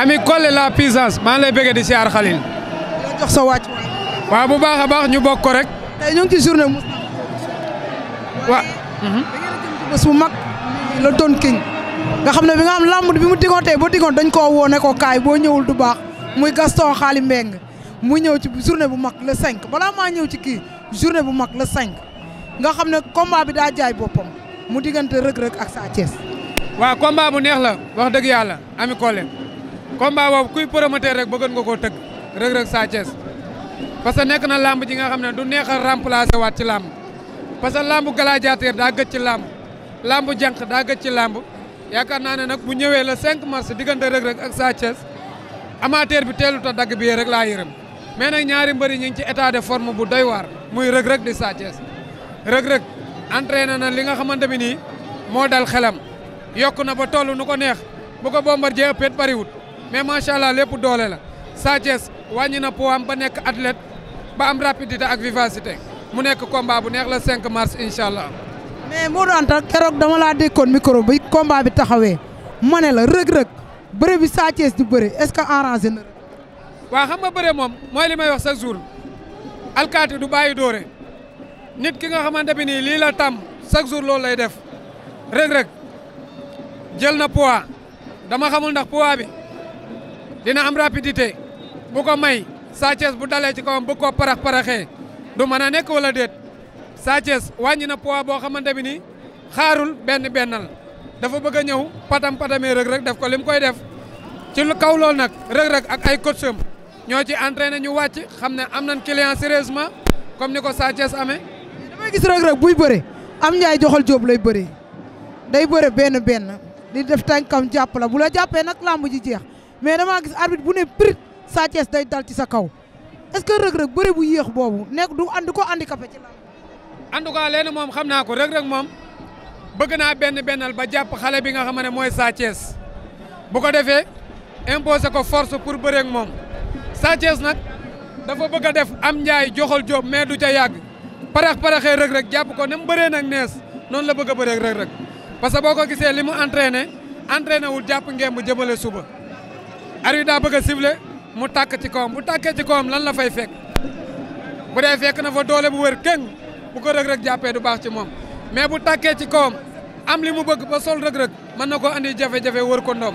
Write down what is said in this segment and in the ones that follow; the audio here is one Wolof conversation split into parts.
ami Collé la puissance maan ngi lay bëggee di siyaar Xalil. di jox bu baax a baax ñu bokk ko rek. tey ñu ngi ci journée Moustapha. mag. la doon king nga xam ne bi nga xam lamb bi mu diggoon tey ba diggoon dañ koo woo ne ko kaay boo ñëwul du baax muy Gaston Xaali Mbeng mu ñëw ci journée bu mag le 5 balaa maa ñëw ci kii journée bu mag le 5 nga xam ne combat bi daa jaay boppam mu diggante Reug Reug ak Sa Thiès. waaw combat bu neex la wax dëgg yàlla Ami Collé combat boobu kuy promoteur rek bëggoon nga koo tëgg Reug Reug Sa parce que nekk na làmb ji nga xam ne du neex a remplacer waat ci làmb parce que làmb gladiateur daa gëj ci làmb làmb jànq daa gëj ci làmb yaakaar naa ne nag bu ñëwee la 5 mars diggante Reug Reug ak Sa Thiès bi teelu ta dagg bi rek laa yërëm mais nag ñaari mbëri ñu ngi ci état de forme bu doy waar muy Reug Reug di Sa Thiès Reug Reug na li nga xamante bi nii moo dal xelam yokk na ba toll nu ko neex bu ko Bombardier ëppet mais macha allah lépp doole la Sa Thiès wàññi na poids am ba nekk athlète ba am rapidité ak mu nekk combat bu neex la 5 mars incha allah. mais Modou Anta keroog dama laa déggoon micro bi combat bi taxawee ma ne la rëg-rëg bëre bi Sa Thiès di bëre est-ce que arrangé na. waaw xam nga bëre moom mooy li may wax sa jour alkaati du bàyyi dóore nit ki nga xamante bi nii lii la tàmm chaque jour loolu lay def rëg jël na poids dama xamul ndax poids bi. dina am rapidité bu ko may Sa bu dalee ci kawam bu ko parax paraxee du mën a nekk walla déet Sa Thiès wàññi na poids boo xamante bi ni xaarul benn bennal dafa bëgg a ñëw patam patamee Reug Reug def ko lim koy def ci kaw loolu nag Reug ak ay coach am ñoo ci entraîné ñu wàcc xam ne am nañ client sérieusement comme ni ko Sa Thiès amee. damay gis Reug Reug buy bëre am ñaay joxal jóob lay bëre day bëre benn benn di def tànkam jàpp la bu la jàppee nag làmb ji jeex. mais damaa gis arbitre bu ne prit Sa Thiès day dal ci sa kaw est que rëg-rëg bëre bu yéex boobu nekk du andi ko handicapé ci la en tout cas leen moom xam naa ko rëg-rëg moom bëgg naa benn bennal ba jàpp xale bi nga xam ne mooy Sa Thiès bu ko defee imposer ko force pour bëreeg moom Sa Thiès nag dafa bëgg a def am njaay joxal joob mais du ca yàgg parax paraxee rëg-rëg jàpp ko ne mu bëree nag nees noonu la bëgg a bëreeg rëg parce que boo ko gisee li mu entraîné entraîné wul jàpp ngeen bu jëmale suba ari daa bëgg a mu tàkk ci kawam bu tàkkee ci kawam lan la fay fekk bu dee fekk na fa doole bu wër keng bu ko rëg jàppee du baax ci moom mais bu tàkkee ci kawam am li mu bëgg ba sol rëg man na ko andi jafejafe jafe wër ko ndoom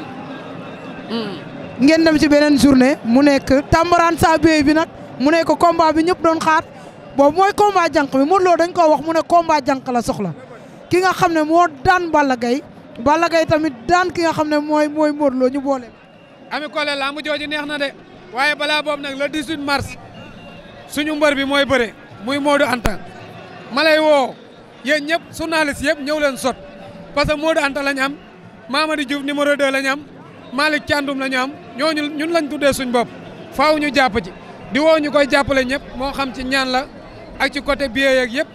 hmm. ngeen dem ci beneen journée mu nekk Tambarane sa bi nag mu nekk combat bi ñëpp doon xaar boo mooy combat jànq bi Modou dañ koo wax mu ne combat jànq la soxla ki nga xam ne moo daan Balla Gaye Balla Gaye tamit daan ki nga xam ne mooy mooy Modou loo ñu boole Ami Collé laa mu jooju neex na de waaye balaa boobu nag le 18 mars suñu mbër bi mooy bëre muy Modou Anta ma lay woo yéen ñëpp journaliste yëpp ñëw leen sot parce que Modou Anta lañ am Mamadi Diouf numéro 2 lañ am maali Thiandoum lañ am ñooñu ñun lañ dee suñ bopp faaw ñu jàpp ci di woo ñu koy jàppale ñëpp moo xam ci ñaan la ak ci côté billet yeeg yëpp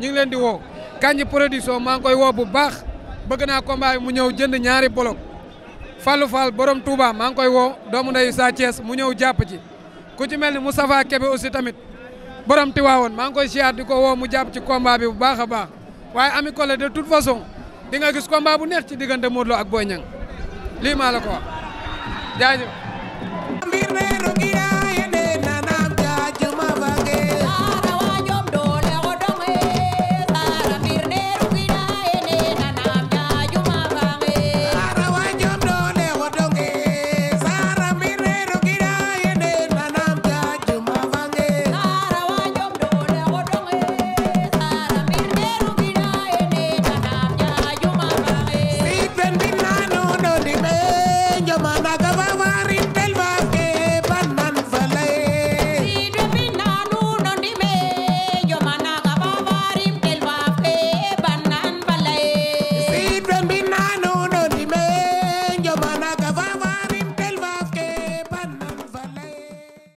ñu ngi leen di woo. Kandji production maa ngi koy woo bu baax bëgg naa combat bi mu ñëw jënd ñaari bolok Fallou Fall borom Touba maa ngi koy woo doomu ndeyu Sa Thiès mu ñëw jàpp ci ku ci mel ni mu Moustapha Kébé aussi tamit borom Tiwaawoon maa ngi koy siyaat di ko woo mu jàpp ci combat bi bu baax a baax waaye Ami Collé de toute façon di nga gis combat bu neex ci diggante Modou ak Boy Niang lii maa la ko wax